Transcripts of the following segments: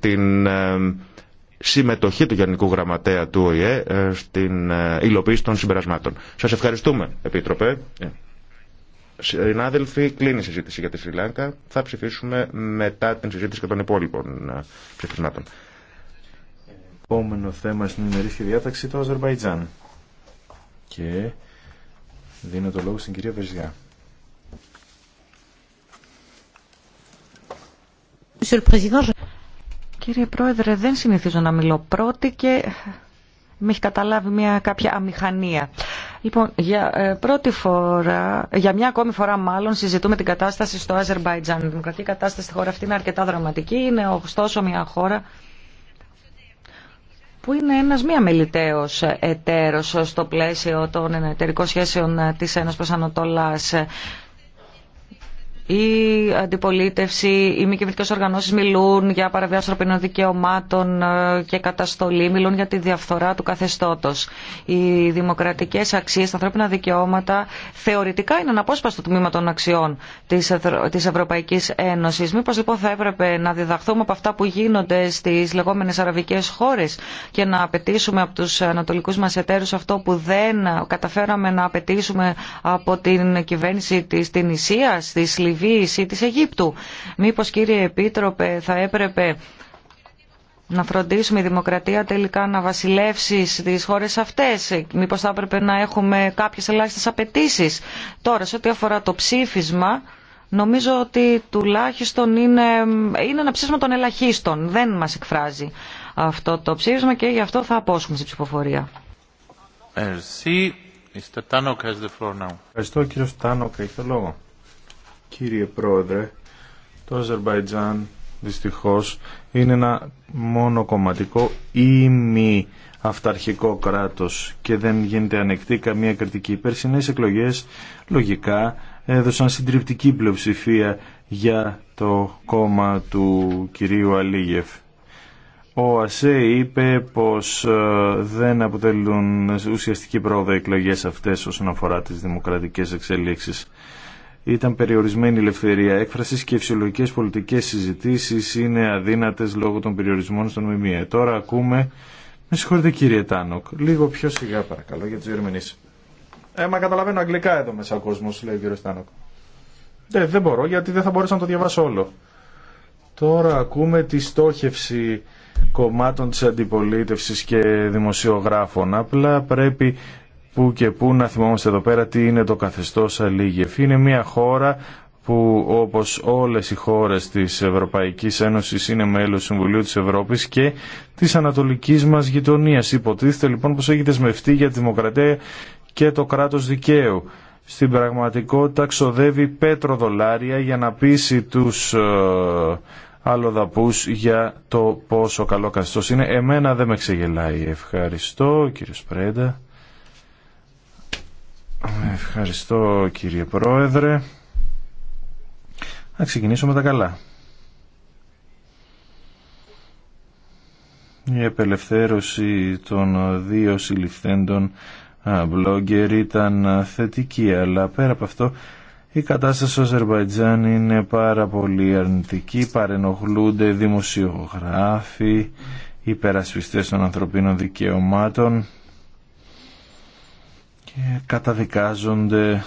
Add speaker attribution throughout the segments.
Speaker 1: την συμμετοχή του Γενικού Γραμματέα του ΟΗΕ ε, στην ε, υλοποίηση των συμπερασμάτων. Σας ευχαριστούμε, Επίτροπε. Ε, συνάδελφοι, κλείνει η συζήτηση για τη Σρι Θα ψηφίσουμε μετά την συζήτηση και των υπόλοιπων ψηφισμάτων.
Speaker 2: Επόμενο θέμα στην ημερήσια διάταξη το Αζερβαϊτζάν. Και δίνω το λόγο στην κυρία Βεζιά.
Speaker 3: Monsieur le Président, Κύριε Πρόεδρε, δεν συνηθίζω να μιλώ πρώτη και με έχει καταλάβει μια κάποια αμηχανία. Λοιπόν, για ε, πρώτη φορά, για μια ακόμη φορά μάλλον, συζητούμε την κατάσταση στο Αζερβαϊτζάν. Η δημοκρατική κατάσταση στη χώρα αυτή είναι αρκετά δραματική. Είναι ωστόσο μια χώρα που είναι ένας μία μελιτέος εταίρος στο πλαίσιο των εταιρικών σχέσεων της Ένωσης προς Ανατολάς η αντιπολίτευση, οι μη κυβερνητικέ οργανώσει μιλούν για παραβίαση ανθρωπίνων δικαιωμάτων ε, και καταστολή, μιλούν για τη διαφθορά του καθεστώτο. Οι δημοκρατικέ αξίε, τα ανθρώπινα δικαιώματα θεωρητικά είναι αναπόσπαστο τμήμα των αξιών τη Ευρωπαϊκή Ένωση. Μήπω λοιπόν θα έπρεπε να διδαχθούμε από αυτά που γίνονται στι λεγόμενε αραβικέ χώρε και να απαιτήσουμε από του ανατολικού μα εταίρου αυτό που δεν καταφέραμε να απαιτήσουμε από την κυβέρνηση τη Τινησία, τη Λιβύης ή της Αιγύπτου. Μήπως κύριε Επίτροπε θα έπρεπε να φροντίσουμε η δημοκρατία τελικά να βασιλεύσει στις χώρες αυτές. Μήπως θα έπρεπε να έχουμε κάποιες ελάχιστες απαιτήσει. ελάχιστε απαιτησει τωρα σε ό,τι αφορά το ψήφισμα, νομίζω ότι τουλάχιστον είναι, είναι ένα ψήφισμα των ελαχίστων. Δεν μας εκφράζει αυτό το ψήφισμα και γι' αυτό θα απόσχουμε στην ψηφοφορία.
Speaker 2: Ευχαριστώ κύριο Στάνοκ, έχει λόγο. Κύριε Πρόεδρε, το Αζερβαϊτζάν δυστυχώς είναι ένα μονοκομματικό ή μη αυταρχικό κράτος και δεν γίνεται ανεκτή καμία κριτική. Οι περσινές εκλογές λογικά έδωσαν συντριπτική πλειοψηφία για το κόμμα του κυρίου Αλίγεφ. Ο ΑΣΕ είπε πως ε, δεν αποτελούν ουσιαστική πρόοδο εκλογές αυτές όσον αφορά τις δημοκρατικές εξελίξεις ήταν περιορισμένη η ελευθερία έκφρασης και οι φυσιολογικές πολιτικές συζητήσεις είναι αδύνατες λόγω των περιορισμών στον ΜΜΕ. Τώρα ακούμε, με συγχωρείτε κύριε Τάνοκ, λίγο πιο σιγά παρακαλώ για τις ερμηνείς. Ε, μα καταλαβαίνω αγγλικά εδώ μέσα ο κόσμος, λέει ο κύριος Τάνοκ. Ε, δεν μπορώ γιατί δεν θα μπορούσα να το διαβάσω όλο. Τώρα ακούμε τη στόχευση κομμάτων της αντιπολίτευσης και δημοσιογράφων. Απλά πρέπει που και που να θυμόμαστε εδώ πέρα τι είναι το καθεστώς αληγευ Είναι μια χώρα που όπως όλες οι χώρες της Ευρωπαϊκής Ένωσης είναι μέλος του Συμβουλίου της Ευρώπης και της ανατολικής μας γειτονίας. Υποτίθεται λοιπόν πως έχει δεσμευτεί για τη δημοκρατία και το κράτος δικαίου. Στην πραγματικότητα ξοδεύει πέτρο δολάρια για να πείσει τους ε, αλλοδαπούς για το πόσο καλό καθεστώς είναι. Εμένα δεν με ξεγελάει. Ευχαριστώ κύριε Σπρέντα. Ευχαριστώ κύριε Πρόεδρε. Να ξεκινήσω με τα καλά. Η απελευθέρωση των δύο συλληφθέντων μπλόγκερ ήταν θετική, αλλά πέρα από αυτό η κατάσταση στο Αζερβαϊτζάν είναι πάρα πολύ αρνητική, παρενοχλούνται δημοσιογράφοι, υπερασπιστές των ανθρωπίνων δικαιωμάτων και καταδικάζονται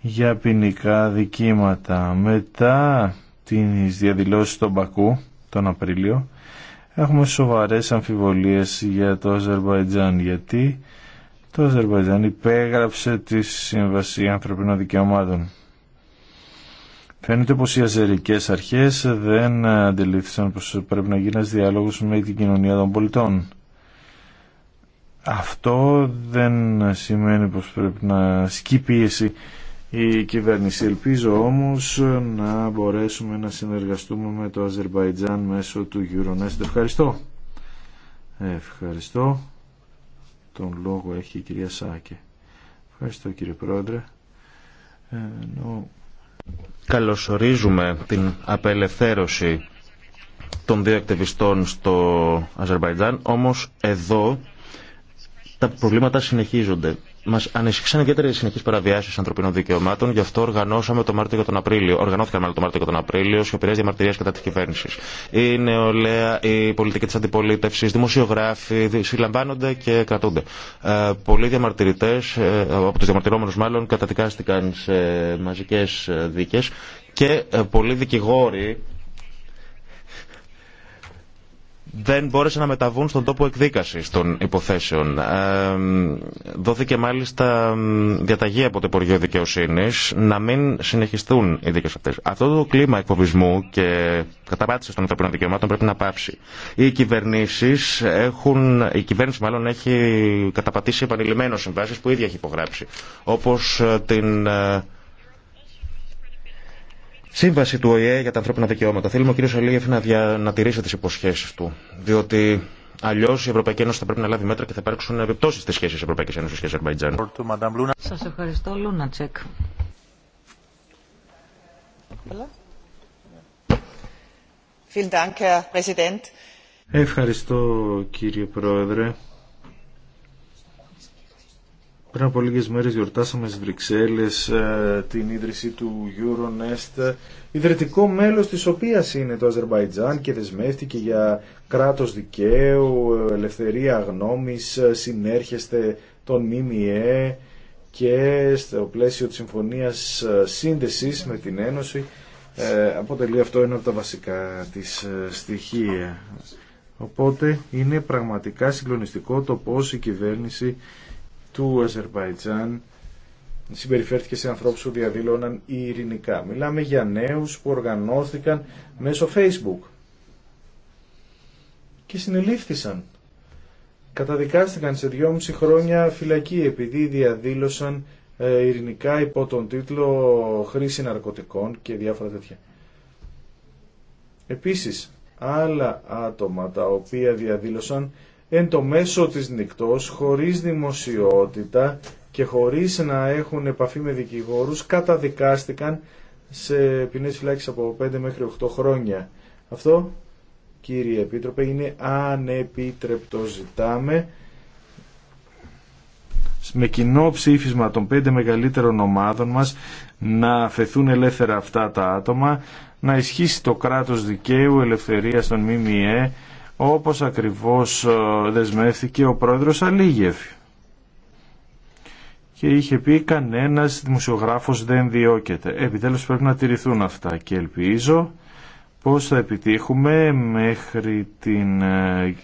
Speaker 2: για ποινικά δικήματα. Μετά τις διαδηλώσεις των Πακού τον Απρίλιο έχουμε σοβαρές αμφιβολίες για το Αζερβαϊτζάν γιατί το Αζερβαϊτζάν υπέγραψε τη Σύμβαση Ανθρωπίνων Δικαιωμάτων. Φαίνεται πως οι αζερικές αρχές δεν αντιλήφθησαν πως πρέπει να γίνει ένας διάλογος με την κοινωνία των πολιτών. Αυτό δεν σημαίνει πως πρέπει να ασκεί η κυβέρνηση. Ελπίζω όμως να μπορέσουμε να συνεργαστούμε με το Αζερβαϊτζάν μέσω του Euronest. Ευχαριστώ. Ευχαριστώ. Τον λόγο έχει η κυρία Σάκε. Ευχαριστώ κύριε Πρόεδρε. Ε,
Speaker 1: Καλωσορίζουμε την απελευθέρωση των δύο στο Αζερβαϊτζάν, όμως εδώ τα προβλήματα συνεχίζονται. Μα ανησυχήσαν ιδιαίτερα οι συνεχεί παραβιάσει ανθρωπίνων δικαιωμάτων, γι' αυτό οργανώσαμε το Μάρτιο και τον Απρίλιο. Οργανώθηκαν μάλλον το Μάρτιο και τον Απρίλιο σιωπηρέ διαμαρτυρίε κατά τη κυβέρνηση. Η νεολαία, η πολιτική τη αντιπολίτευση, δημοσιογράφοι συλλαμβάνονται και κρατούνται. Ε, πολλοί διαμαρτυρητέ, ε, από του διαμαρτυρόμενου μάλλον, καταδικάστηκαν σε μαζικέ ε, δίκε και ε, πολλοί δικηγόροι δεν μπόρεσαν να μεταβούν στον τόπο εκδίκασης των υποθέσεων. Ε, δόθηκε μάλιστα διαταγή από το Υπουργείο Δικαιοσύνη να μην συνεχιστούν οι δικέ αυτέ. Αυτό το κλίμα εκφοβισμού και καταπάτησης των ανθρωπίνων δικαιωμάτων πρέπει να πάψει. Οι κυβερνήσεις έχουν, η κυβέρνηση μάλλον έχει καταπατήσει επανειλημμένως συμβάσει που ίδια έχει υπογράψει. Όπω ε, την ε, σύμβαση του ΟΗΕ για τα ανθρώπινα δικαιώματα. Θέλουμε ο κ. Αλίγεφ να, δια... να τηρήσει τι υποσχέσει του. Διότι αλλιώ η Ευρωπαϊκή Ένωση θα πρέπει να λάβει μέτρα και θα υπάρξουν επιπτώσει στι σχέσει Ευρωπαϊκή Ένωση και Αζερβαϊτζάν.
Speaker 3: Σα ευχαριστώ, Λούνα Τσεκ.
Speaker 2: Ευχαριστώ κύριε Πρόεδρε. Πριν από λίγε μέρε γιορτάσαμε στι ε, την ίδρυση του Euronest, ιδρυτικό μέλος της οποία είναι το Αζερβαϊτζάν και δεσμεύτηκε για κράτος δικαίου, ελευθερία γνώμη, συνέρχεστε τον ΜΜΕ και στο πλαίσιο της συμφωνίας ε, Σύνδεση με την Ένωση ε, αποτελεί αυτό ένα από τα βασικά της στοιχεία. Οπότε είναι πραγματικά συγκλονιστικό το πώς η κυβέρνηση του Αζερβαϊτζάν συμπεριφέρθηκε σε ανθρώπους που διαδήλωναν ειρηνικά. Μιλάμε για νέους που οργανώθηκαν μέσω Facebook και συνελήφθησαν. Καταδικάστηκαν σε δυόμιση χρόνια φυλακή επειδή διαδήλωσαν ε, ειρηνικά υπό τον τίτλο «Χρήση ναρκωτικών» και διάφορα τέτοια. Επίσης, άλλα άτομα τα οποία διαδήλωσαν εν το μέσο της νυχτός, χωρίς δημοσιότητα και χωρίς να έχουν επαφή με δικηγόρους, καταδικάστηκαν σε ποινές φυλάκισης από 5 μέχρι 8 χρόνια. Αυτό, κύριε Επίτροπε, είναι ανεπίτρεπτο. Ζητάμε με κοινό ψήφισμα των πέντε μεγαλύτερων ομάδων μας να αφαιθούν ελεύθερα αυτά τα άτομα, να ισχύσει το κράτος δικαίου, ελευθερία των ΜΜΕ, όπως ακριβώς ε, δεσμεύθηκε ο πρόεδρος Αλίγεφ. Και είχε πει κανένας δημοσιογράφος δεν διώκεται. Επιτέλους πρέπει να τηρηθούν αυτά και ελπίζω πώς θα επιτύχουμε μέχρι την ε,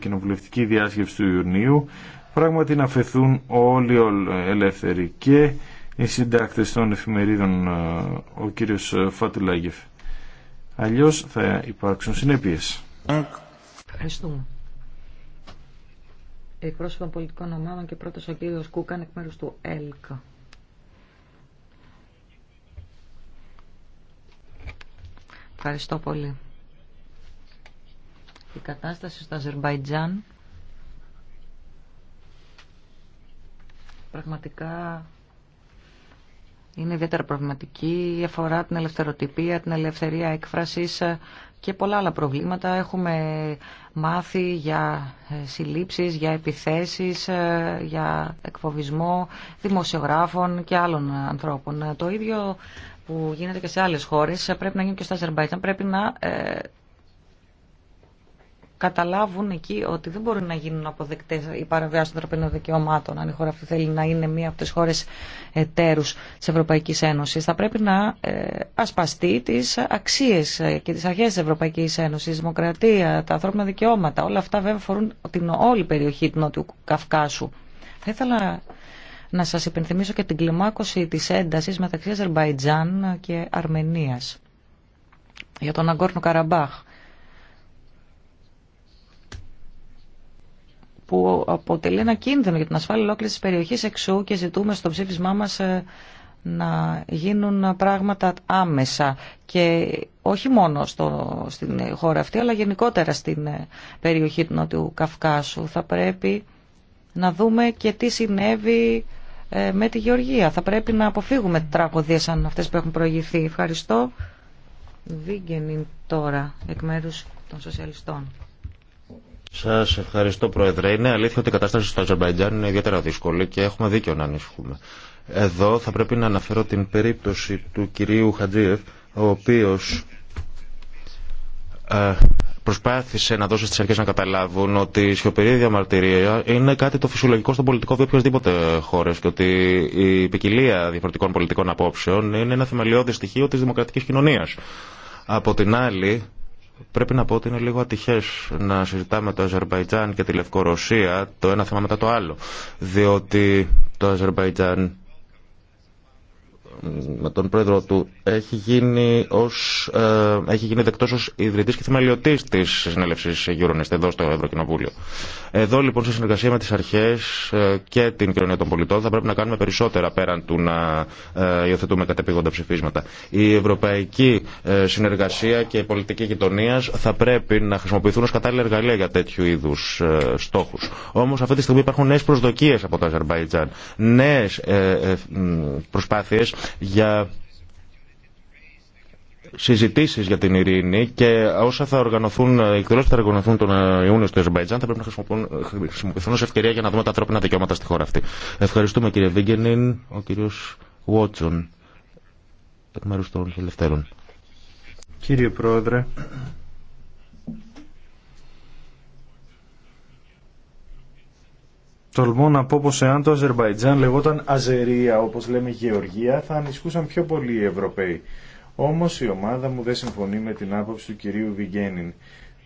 Speaker 2: κοινοβουλευτική διάσκεψη του Ιουνίου πράγματι να φεθούν όλοι ελεύθεροι και οι συντάκτες των εφημερίδων ε, ο κύριος Φατουλάγεφ. Αλλιώς θα υπάρξουν συνέπειες. Ευχαριστούμε.
Speaker 3: Εκπρόσωπα πολιτικών ομάδων και πρώτος ο κύριος Κούκαν εκ μέρους του ΕΛΚΑ. Ευχαριστώ πολύ. Η κατάσταση στο Αζερμπαϊτζάν πραγματικά είναι ιδιαίτερα προβληματική. Αφορά την ελευθεροτυπία, την ελευθερία έκφρασης, και πολλά άλλα προβλήματα. Έχουμε μάθει για ε, συλλήψεις, για επιθέσεις, ε, για εκφοβισμό δημοσιογράφων και άλλων ανθρώπων. Ε, το ίδιο που γίνεται και σε άλλες χώρες πρέπει να γίνει και στα Αζερμπαϊτζάν. Πρέπει να καταλάβουν εκεί ότι δεν μπορεί να γίνουν αποδεκτέ οι παραβιάσεις των ανθρωπίνων δικαιωμάτων αν η χώρα αυτή θέλει να είναι μία από τι χώρε εταίρου τη Ευρωπαϊκή Ένωση. Θα πρέπει να ε, ασπαστεί τι αξίε ε, και τι αρχέ της Ευρωπαϊκής Ένωσης, η δημοκρατία, τα ανθρώπινα δικαιώματα. Όλα αυτά βέβαια φορούν την όλη περιοχή του Νότιου Καυκάσου. Θα ήθελα να σα υπενθυμίσω και την κλιμάκωση τη ένταση μεταξύ Αζερμπαϊτζάν και Αρμενία για τον Αγκόρνο Καραμπάχ που αποτελεί ένα κίνδυνο για την ασφάλεια ολόκληρη τη περιοχή εξού και ζητούμε στο ψήφισμά μα ε, να γίνουν πράγματα άμεσα και όχι μόνο στο, στην χώρα αυτή αλλά γενικότερα στην ε, περιοχή του Νότιου Καυκάσου. Θα πρέπει να δούμε και τι συνέβη ε, με τη Γεωργία. Θα πρέπει να αποφύγουμε τραγωδίες σαν αυτές που έχουν προηγηθεί. Ευχαριστώ. Βίγγενιν τώρα εκ μέρους των σοσιαλιστών.
Speaker 1: Σα ευχαριστώ, Πρόεδρε. Είναι αλήθεια ότι η κατάσταση στο Αζερβαϊτζάν είναι ιδιαίτερα δύσκολη και έχουμε δίκιο να ανησυχούμε. Εδώ θα πρέπει να αναφέρω την περίπτωση του κυρίου Χατζίεφ, ο οποίο ε, προσπάθησε να δώσει στι αρχέ να καταλάβουν ότι η σιωπηρή διαμαρτυρία είναι κάτι το φυσιολογικό στον πολιτικό βίο οποιασδήποτε χώρε και ότι η ποικιλία διαφορετικών πολιτικών απόψεων είναι ένα θεμελιώδη στοιχείο τη δημοκρατική κοινωνία. Από την άλλη, πρέπει να πω ότι είναι λίγο ατυχέ να συζητάμε το Αζερβαϊτζάν και τη Λευκορωσία το ένα θέμα μετά το άλλο. Διότι το Αζερβαϊτζάν με τον πρόεδρο του έχει γίνει, ως, ε, έχει γίνει δεκτός ως ιδρυτής και θεμελιωτής της συνέλευσης Euronest εδώ στο Ευρωκοινοβούλιο. Εδώ λοιπόν σε συνεργασία με τις αρχές ε, και την κοινωνία των πολιτών θα πρέπει να κάνουμε περισσότερα πέραν του να ε, υιοθετούμε κατεπήγοντα ψηφίσματα. Η ευρωπαϊκή ε, συνεργασία και η πολιτική γειτονία θα πρέπει να χρησιμοποιηθούν ως κατάλληλα εργαλεία για τέτοιου είδους ε, στόχους. Όμως αυτή τη στιγμή υπάρχουν νέες προσδοκίες από το Αζερμπαϊτζάν, νέες ε, προσπάθειες για συζητήσει για την ειρήνη και όσα θα οργανωθούν, οι εκδηλώσει θα οργανωθούν τον Ιούνιο στο Αζερβαϊτζάν θα πρέπει να χρησιμοποιηθούν ω ευκαιρία για να δούμε τα ανθρώπινα δικαιώματα στη χώρα αυτή. Ευχαριστούμε κύριε Βίγκενιν, ο κύριο Βότσον, εκ μέρου των Ελευθέρων.
Speaker 2: Κύριε Πρόεδρε, τολμώ να πω πως εάν το Αζερβαϊτζάν λεγόταν Αζερία όπως λέμε Γεωργία θα ανισχούσαν πιο πολύ οι Ευρωπαίοι. Όμως η ομάδα μου δεν συμφωνεί με την άποψη του κυρίου Βιγγένιν.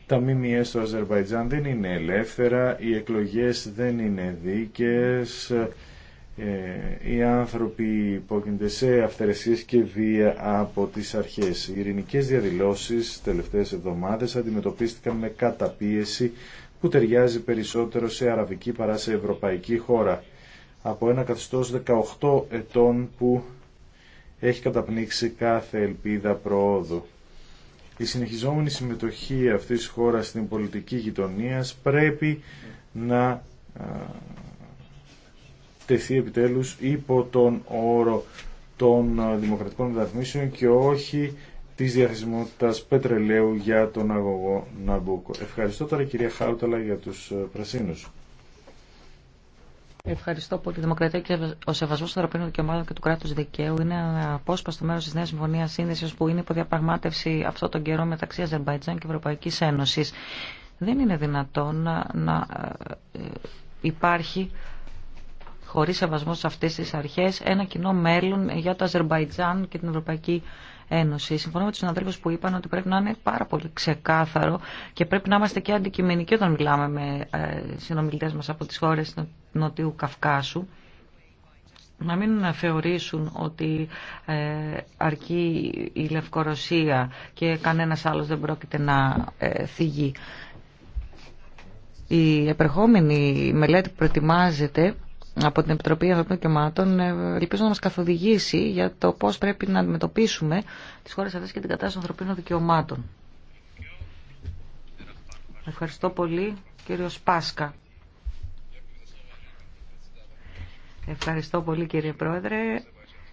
Speaker 2: Τα ΜΜΕ στο Αζερβαϊτζάν δεν είναι ελεύθερα, οι εκλογές δεν είναι δίκαιες, ε, οι άνθρωποι υπόκεινται σε αυθαιρεσίες και βία από τις αρχές. Οι ειρηνικές διαδηλώσεις τελευταίες εβδομάδες αντιμετωπίστηκαν με καταπίεση που ταιριάζει περισσότερο σε αραβική παρά σε ευρωπαϊκή χώρα. Από ένα καθεστώς 18 ετών που έχει καταπνίξει κάθε ελπίδα προόδου. Η συνεχιζόμενη συμμετοχή αυτής της χώρας στην πολιτική γειτονία πρέπει να τεθεί επιτέλους υπό τον όρο των δημοκρατικών μεταρρυθμίσεων και όχι Τη διαθεσιμότητα πετρελαίου για τον αγωγό Ναμπούκο. Ευχαριστώ τώρα κυρία Χάουταλα για του ε, Πρασίνου.
Speaker 3: Ευχαριστώ πολύ. Η Δημοκρατία και ο σεβασμό των Ευρωπαίων δικαιωμάτων και του κράτου δικαίου είναι ένα απόσπαστο μέρο τη Νέα Συμφωνία Σύνδεση που είναι διαπραγμάτευση αυτόν τον καιρό μεταξύ Αζερβαϊτζάν και Ευρωπαϊκή Ένωση. Δεν είναι δυνατόν να, ε, υπάρχει χωρίς σεβασμό σε αυτές τις αρχέ, ένα κοινό μέλλον για το Αζερμπαϊτζάν και την Ευρωπαϊκή Ένωση. Συμφωνώ με του συναδέλφου που είπαν ότι πρέπει να είναι πάρα πολύ ξεκάθαρο και πρέπει να είμαστε και αντικειμενικοί όταν μιλάμε με ε, συνομιλητέ μα από τι χώρε του Νοτιού Καυκάσου να μην θεωρήσουν ότι ε, αρκεί η Λευκορωσία και κανένας άλλος δεν πρόκειται να ε, θυγεί. Η επερχόμενη μελέτη που προετοιμάζεται από την Επιτροπή Ανθρωπίνων Δικαιωμάτων ε, ελπίζω να μας καθοδηγήσει για το πώς πρέπει να αντιμετωπίσουμε τις χώρες αυτές και την κατάσταση των ανθρωπίνων δικαιωμάτων. Ευχαριστώ πολύ, κύριο Πάσκα. Ευχαριστώ πολύ, κύριε Πρόεδρε.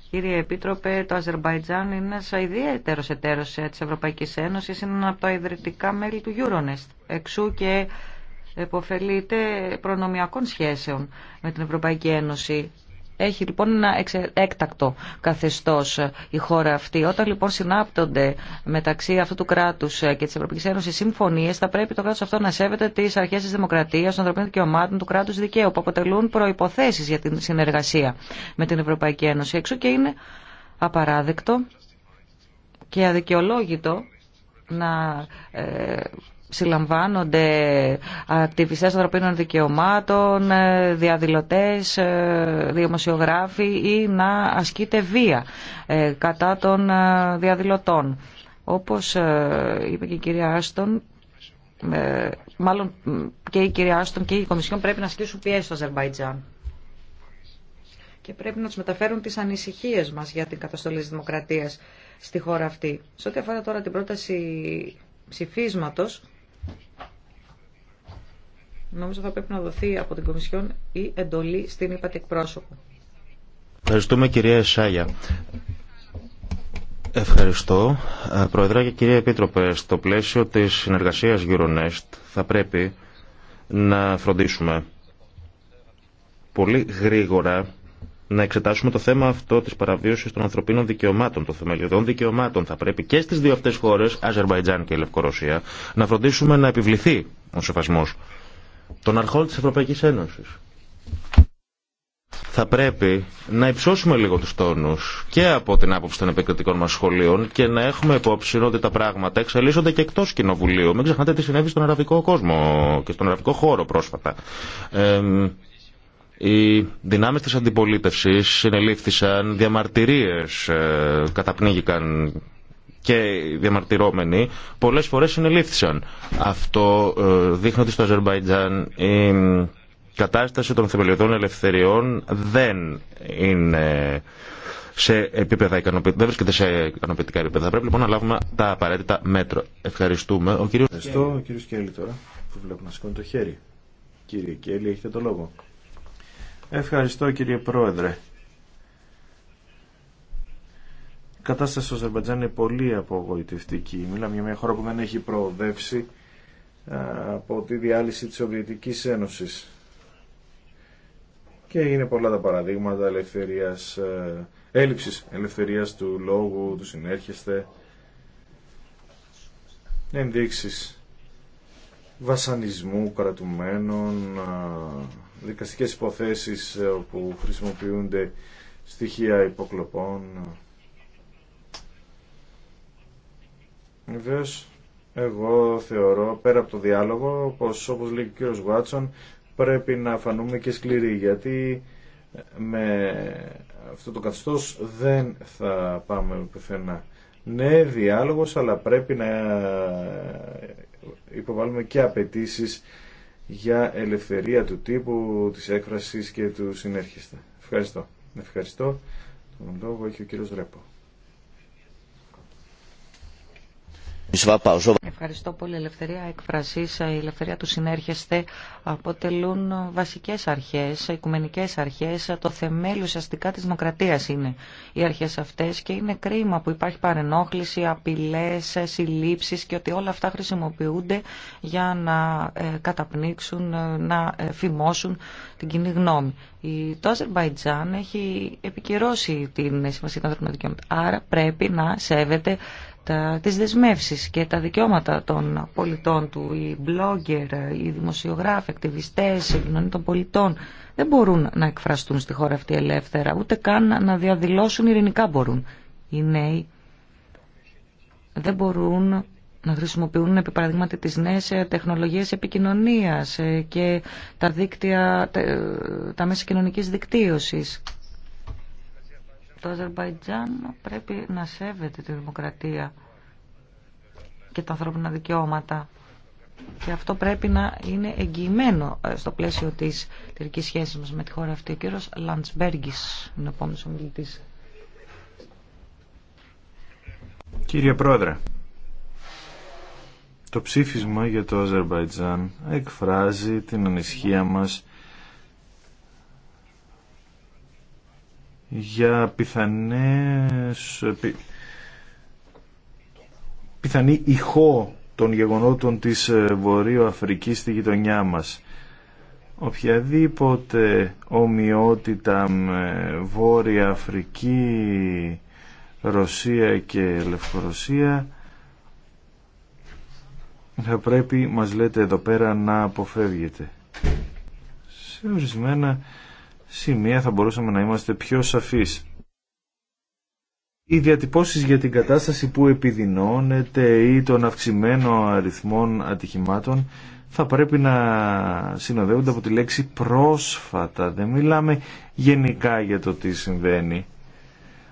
Speaker 3: Κύριε Επίτροπε, το Αζερμπαϊτζάν είναι ένα ιδιαίτερο εταίρο ε, τη Ευρωπαϊκή Ένωση. Είναι ένα από τα ιδρυτικά μέλη του Euronest. Εξού και εποφελείται προνομιακών σχέσεων με την Ευρωπαϊκή Ένωση. Έχει λοιπόν ένα έκτακτο καθεστώς η χώρα αυτή. Όταν λοιπόν συνάπτονται μεταξύ αυτού του κράτους και της Ευρωπαϊκής Ένωσης συμφωνίες, θα πρέπει το κράτος αυτό να σέβεται τις αρχές της δημοκρατίας, των ανθρωπίνων δικαιωμάτων, του κράτους δικαίου, που αποτελούν προϋποθέσεις για την συνεργασία με την Ευρωπαϊκή Ένωση. Έξω και είναι απαράδεκτο και αδικαιολόγητο να ε, συλλαμβάνονται ακτιβιστές ανθρωπίνων δικαιωμάτων, ε, διαδηλωτές, ε, δημοσιογράφοι ή να ασκείται βία ε, κατά των διαδηλωτών. Όπως είπε και η κυρία Άστον, μάλλον και η κυρία Άστον και η Κομισιόν πρέπει να ασκήσουν πιέση στο Αζερβαϊτζάν και πρέπει να τους μεταφέρουν τις ανησυχίες μας για την καταστολή της δημοκρατίας στη χώρα αυτή. Σε ό,τι αφορά τώρα την πρόταση ψηφίσματος Νομίζω θα πρέπει να δοθεί από την Κομισιόν η εντολή στην ΥΠΑΤ εκπρόσωπο.
Speaker 1: Ευχαριστούμε κυρία Εσάγια. Ευχαριστώ. Ε, Προεδρά και κυρία Επίτροπε, στο πλαίσιο της συνεργασίας Euronest θα πρέπει να φροντίσουμε πολύ γρήγορα να εξετάσουμε το θέμα αυτό της παραβίωσης των ανθρωπίνων δικαιωμάτων, των θεμελιωδών δικαιωμάτων. Θα πρέπει και στις δύο αυτές χώρες, Αζερβαϊτζάν και Λευκορωσία, να φροντίσουμε να επιβληθεί ο σεβασμός των αρχών της Ευρωπαϊκής Ένωσης. Θα πρέπει να υψώσουμε λίγο τους τόνους και από την άποψη των επικριτικών μας σχολείων και να έχουμε υπόψη ότι τα πράγματα εξελίσσονται και εκτός κοινοβουλίου. Μην ξεχνάτε τι συνέβη στον αραβικό κόσμο και στον αραβικό χώρο πρόσφατα. οι δυνάμεις της αντιπολίτευσης συνελήφθησαν, διαμαρτυρίες ε, καταπνίγηκαν και οι διαμαρτυρόμενοι πολλές φορές συνελήφθησαν. Αυτό ε, δείχνει ότι στο Αζερβαϊτζάν η κατάσταση των θεμελιωδών ελευθεριών δεν είναι σε επίπεδα ικανοποιητικά. δεν βρίσκεται σε ικανοποιητικά επίπεδα. πρέπει λοιπόν να λάβουμε τα απαραίτητα μέτρα. Ευχαριστούμε. Ο κύριος... Ευχαριστώ
Speaker 2: ο κύριος Κέλλη τώρα που Κύριε έχετε το λόγο. Ευχαριστώ κύριε Πρόεδρε. κατάσταση στο Ζερμπατζάν είναι πολύ απογοητευτική. Μιλάμε για μια χώρα που δεν έχει προοδεύσει ε, από τη διάλυση της Σοβιετικής Ένωσης. Και είναι πολλά τα παραδείγματα ελευθερίας, ε, έλλειψης ελευθερίας του λόγου, του συνέρχεστε, ενδείξεις βασανισμού κρατουμένων, ε, δικαστικές υποθέσεις όπου χρησιμοποιούνται στοιχεία υποκλοπών, Βεβαίω, εγώ θεωρώ πέρα από το διάλογο πως όπως λέει ο κύριος Βάτσον πρέπει να φανούμε και σκληροί γιατί με αυτό το καθεστώ δεν θα πάμε πουθενά. Ναι, διάλογο αλλά πρέπει να υποβάλουμε και απαιτήσει για ελευθερία του τύπου, της έκφρασης και του συνέρχεστε. Ευχαριστώ. Ευχαριστώ. Τον λόγο έχει ο κύριος Ρέπο.
Speaker 3: Ευχαριστώ πολύ. Η ελευθερία εκφρασή, η ελευθερία του συνέρχεστε αποτελούν βασικέ αρχέ, οικουμενικέ αρχέ. Το θεμέλιο ουσιαστικά τη δημοκρατία είναι οι αρχέ αυτέ και είναι κρίμα που υπάρχει παρενόχληση, απειλέ, συλλήψει και ότι όλα αυτά χρησιμοποιούνται για να ε, καταπνίξουν, ε, να ε, φημώσουν την κοινή γνώμη. Το Αζερβαϊτζάν έχει επικυρώσει την σημασία των Ανθρωπίνων Δικαιωμάτων. Άρα πρέπει να σέβεται τα, τις δεσμεύσεις και τα δικαιώματα των πολιτών του. Οι blogger, οι δημοσιογράφοι, ακτιβιστές, οι κοινωνία των πολιτών δεν μπορούν να εκφραστούν στη χώρα αυτή ελεύθερα, ούτε καν να διαδηλώσουν ειρηνικά μπορούν. Οι νέοι δεν μπορούν να χρησιμοποιούν επί παραδείγματι τις νέες τεχνολογίες επικοινωνίας ε, και τα, δίκτυα, τα μέσα κοινωνικής δικτύωσης. Το Αζερβαϊτζάν πρέπει να σέβεται τη δημοκρατία και τα ανθρώπινα δικαιώματα. Και αυτό πρέπει να είναι εγγυημένο ε, στο πλαίσιο της τελικής σχέσης μας με τη χώρα αυτή. Ο κύριος Λαντσμπέργκης είναι ο επόμενος ομιλητής.
Speaker 2: Κύριε Πρόεδρε, το ψήφισμα για το Αζερβαϊτζάν εκφράζει την ανησυχία μας για πιθανές, πιθανή ηχό των γεγονότων της ε, Βορείου Αφρικής στη γειτονιά μας. Οποιαδήποτε ομοιότητα με Βόρεια Αφρική, Ρωσία και Λευκορωσία θα πρέπει, μας λέτε εδώ πέρα, να αποφεύγετε. Σε ορισμένα σημεία θα μπορούσαμε να είμαστε πιο σαφείς. Οι διατυπώσεις για την κατάσταση που επιδεινώνεται ή των αυξημένο αριθμών ατυχημάτων θα πρέπει να συνοδεύονται από τη λέξη πρόσφατα. Δεν μιλάμε γενικά για το τι συμβαίνει.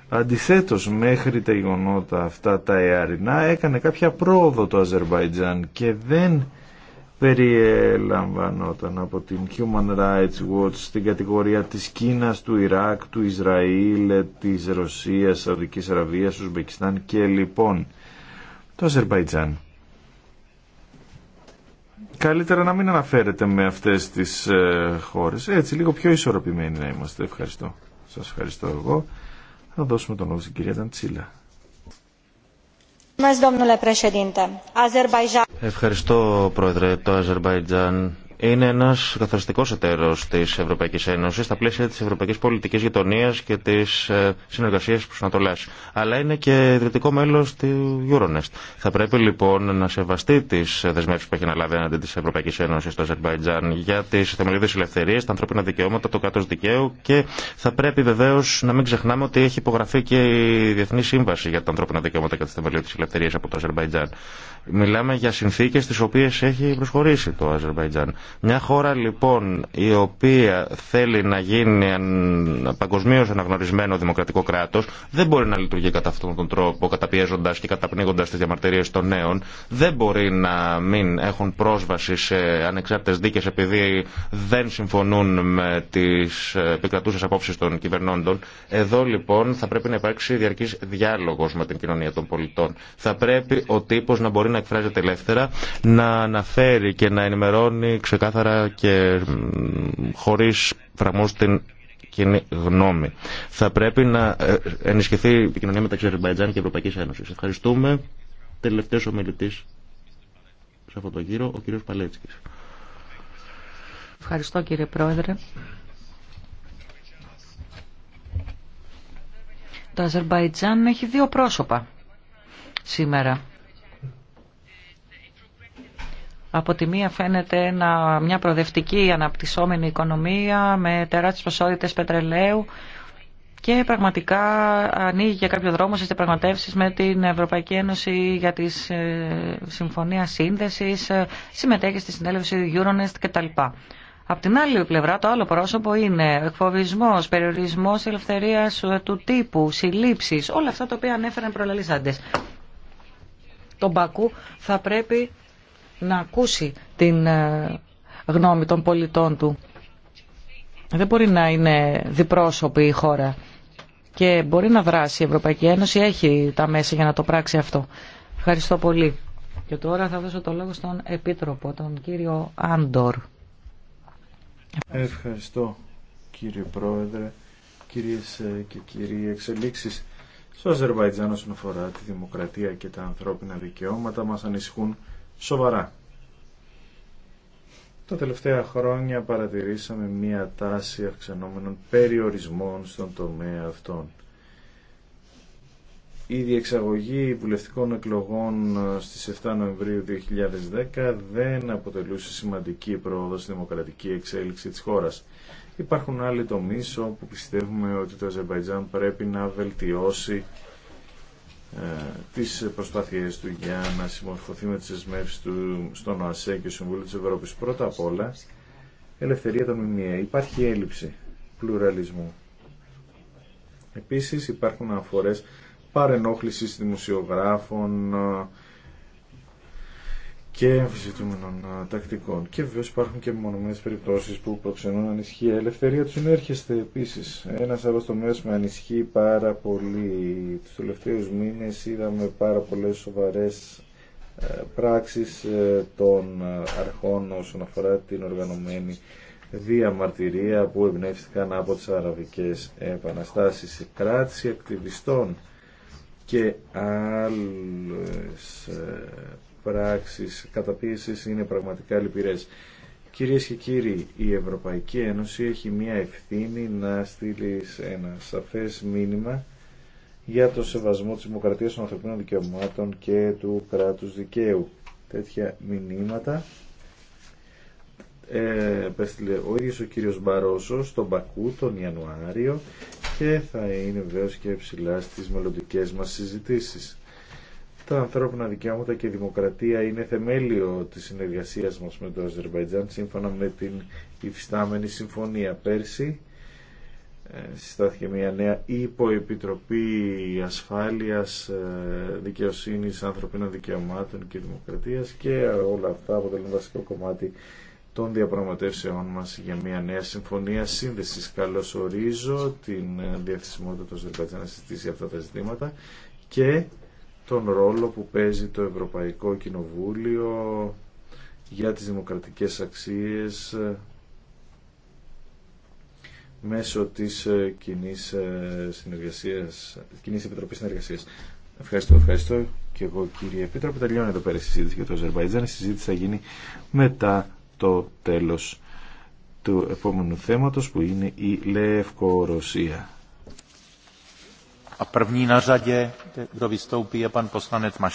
Speaker 2: Αντιθέτως μέχρι τα γεγονότα αυτά τα εαρινά έκανε κάποια πρόοδο το Αζερβαϊτζάν και δεν περιελαμβανόταν από την Human Rights Watch στην κατηγορία της Κίνας, του Ιράκ, του Ισραήλ, της Ρωσίας, Σαουδικής Αραβίας, Ουσμπεκιστάν και λοιπόν το Αζερβαϊτζάν. Καλύτερα να μην αναφέρετε με αυτές τις ε, χώρες. Έτσι, λίγο πιο ισορροπημένοι να είμαστε. Ευχαριστώ. Σας ευχαριστώ εγώ. Θα δώσουμε τον λόγο στην κυρία Ταντσίλα.
Speaker 1: Ευχαριστώ, Πρόεδρε. Το Αζερβαϊτζάν είναι ένα καθοριστικό εταίρο τη Ευρωπαϊκή Ένωση στα πλαίσια τη ευρωπαϊκή πολιτική γειτονία και τη ε, συνεργασία προ Αλλά είναι και ιδρυτικό μέλο του Euronest. Θα πρέπει λοιπόν να σεβαστεί τι δεσμεύσει που έχει αναλάβει έναντι τη Ευρωπαϊκή Ένωση στο Αζερβαϊτζάν για τι θεμελιώδει ελευθερίε, τα ανθρώπινα δικαιώματα, το κράτο δικαίου και θα πρέπει βεβαίω να μην ξεχνάμε ότι έχει υπογραφεί και η Διεθνή Σύμβαση για τα ανθρώπινα δικαιώματα και τι θεμελιώδει ελευθερίε από το Αζερβαϊτζάν. Μιλάμε για συνθήκε τι οποίε έχει προσχωρήσει το Αζερβαϊτζάν. Μια χώρα λοιπόν η οποία θέλει να γίνει παγκοσμίω αναγνωρισμένο δημοκρατικό κράτο δεν μπορεί να λειτουργεί κατά αυτόν τον τρόπο, καταπιέζοντα και καταπνίγοντα τι διαμαρτυρίε των νέων. Δεν μπορεί να μην έχουν πρόσβαση σε ανεξάρτητε δίκε επειδή δεν συμφωνούν με τι ε, επικρατούσε απόψει των κυβερνώντων. Εδώ λοιπόν θα πρέπει να υπάρξει διαρκή διάλογο με την κοινωνία των πολιτών. Θα πρέπει ο τύπο να μπορεί να εκφράζεται ελεύθερα, να αναφέρει και να ενημερώνει ξεκάθαρα και χωρίς φραγμούς την κοινή γνώμη. Θα πρέπει να ε, ενισχυθεί η επικοινωνία μεταξύ Αζερμπαϊτζάν και Ευρωπαϊκή Ένωση. Ευχαριστούμε. Τελευταίος ομιλητής σε αυτό το γύρο, ο κύριος Παλέτσικη.
Speaker 3: Ευχαριστώ κύριε Πρόεδρε. Το Αζερμπαϊτζάν έχει δύο πρόσωπα σήμερα. Από τη μία φαίνεται ένα, μια φαινεται αναπτυσσόμενη οικονομία με τεράστιες ποσότητες πετρελαίου και πραγματικά ανοίγει για κάποιο δρόμο στις διαπραγματεύσεις με την Ευρωπαϊκή Ένωση για τη ε, Συμφωνία Σύνδεσης, ε, συμμετέχει στη συνέλευση Euronest κτλ. Από την άλλη πλευρά το άλλο πρόσωπο είναι εκφοβισμός, περιορισμός ελευθερία ε, του τύπου, συλλήψεις, όλα αυτά τα οποία ανέφεραν προλαλήσαντες. Τον Πακού θα πρέπει να ακούσει την ε, γνώμη των πολιτών του. Δεν μπορεί να είναι διπρόσωπη η χώρα και μπορεί να δράσει η Ευρωπαϊκή Ένωση, έχει τα μέσα για να το πράξει αυτό. Ευχαριστώ πολύ. Και τώρα θα δώσω το λόγο στον Επίτροπο, τον κύριο Άντορ.
Speaker 2: Ευχαριστώ κύριε Πρόεδρε, κυρίες ε, και κύριοι εξελίξεις. Στο Αζερβαϊτζάν όσον αφορά τη δημοκρατία και τα ανθρώπινα δικαιώματα μας ανησυχούν σοβαρά. Τα τελευταία χρόνια παρατηρήσαμε μία τάση αυξανόμενων περιορισμών στον τομέα αυτών. Η διεξαγωγή βουλευτικών εκλογών ε, στις 7 Νοεμβρίου 2010 δεν αποτελούσε σημαντική πρόοδο στη δημοκρατική εξέλιξη της χώρας. Υπάρχουν άλλοι τομείς όπου πιστεύουμε ότι το Αζερβαϊτζάν πρέπει να βελτιώσει ε, τις προσπάθειές του για να συμμορφωθεί με τις εσμεύσεις του στον ΟΑΣΕ και Συμβούλιο της Ευρώπης. Πρώτα απ' όλα, ελευθερία των ΜΜΕ. Υπάρχει έλλειψη πλουραλισμού. Επίσης υπάρχουν αφορές παρενόχλησης δημοσιογράφων, και εμφυσιτούμενων ε, τακτικών. Και βεβαίω υπάρχουν και μονομένε περιπτώσει που προξενούν ανισχύ Η ελευθερία του συνέρχεστε επίση. Ένα άλλο τομέα με ανισχύει πάρα πολύ. Του τελευταίου μήνε είδαμε πάρα πολλέ σοβαρέ ε, πράξει ε, των αρχών όσον αφορά την οργανωμένη διαμαρτυρία που εμπνεύστηκαν από τις αραβικές επαναστάσεις. Η κράτηση ακτιβιστών και άλλες πράξεις καταπίεσης είναι πραγματικά λυπηρές. Κυρίες και κύριοι, η Ευρωπαϊκή Ένωση έχει μία ευθύνη να στείλει ένα σαφές μήνυμα για το σεβασμό της δημοκρατίας των ανθρωπίνων δικαιωμάτων και του κράτους δικαίου. Τέτοια μηνύματα ε, ο ίδιος ο κύριος Μπαρόσο στον Πακού τον Ιανουάριο και θα είναι βεβαίως και ψηλά στις μελλοντικέ μα συζητήσεις. Τα ανθρώπινα δικαιώματα και η δημοκρατία είναι θεμέλιο της συνεργασίας μας με το Αζερβαϊτζάν σύμφωνα με την υφιστάμενη συμφωνία πέρσι. Ε, συστάθηκε μια νέα υποεπιτροπή ασφάλειας, ε, δικαιοσύνης, ανθρωπίνων δικαιωμάτων και δημοκρατίας και όλα αυτά αποτελούν βασικό κομμάτι των διαπραγματεύσεών μας για μια νέα συμφωνία σύνδεσης. Καλώς ορίζω την ε, διαθεσιμότητα του Αζερβαϊτζάν να συζητήσει αυτά τα ζητήματα και τον ρόλο που παίζει το Ευρωπαϊκό Κοινοβούλιο για τις δημοκρατικές αξίες ε, μέσω της ε, κοινή ε, συνεργασίας, κοινής επιτροπής συνεργασίας. Ευχαριστώ, ευχαριστώ και εγώ κύριε Επίτροπε. Τελειώνει εδώ πέρα η συζήτηση για το Αζερβαϊτζάν. Η συζήτηση θα γίνει μετά το τέλος του επόμενου θέματος που είναι η
Speaker 1: Λευκορωσία. A první na řadě, kdo vystoupí, je pan poslanec Maš.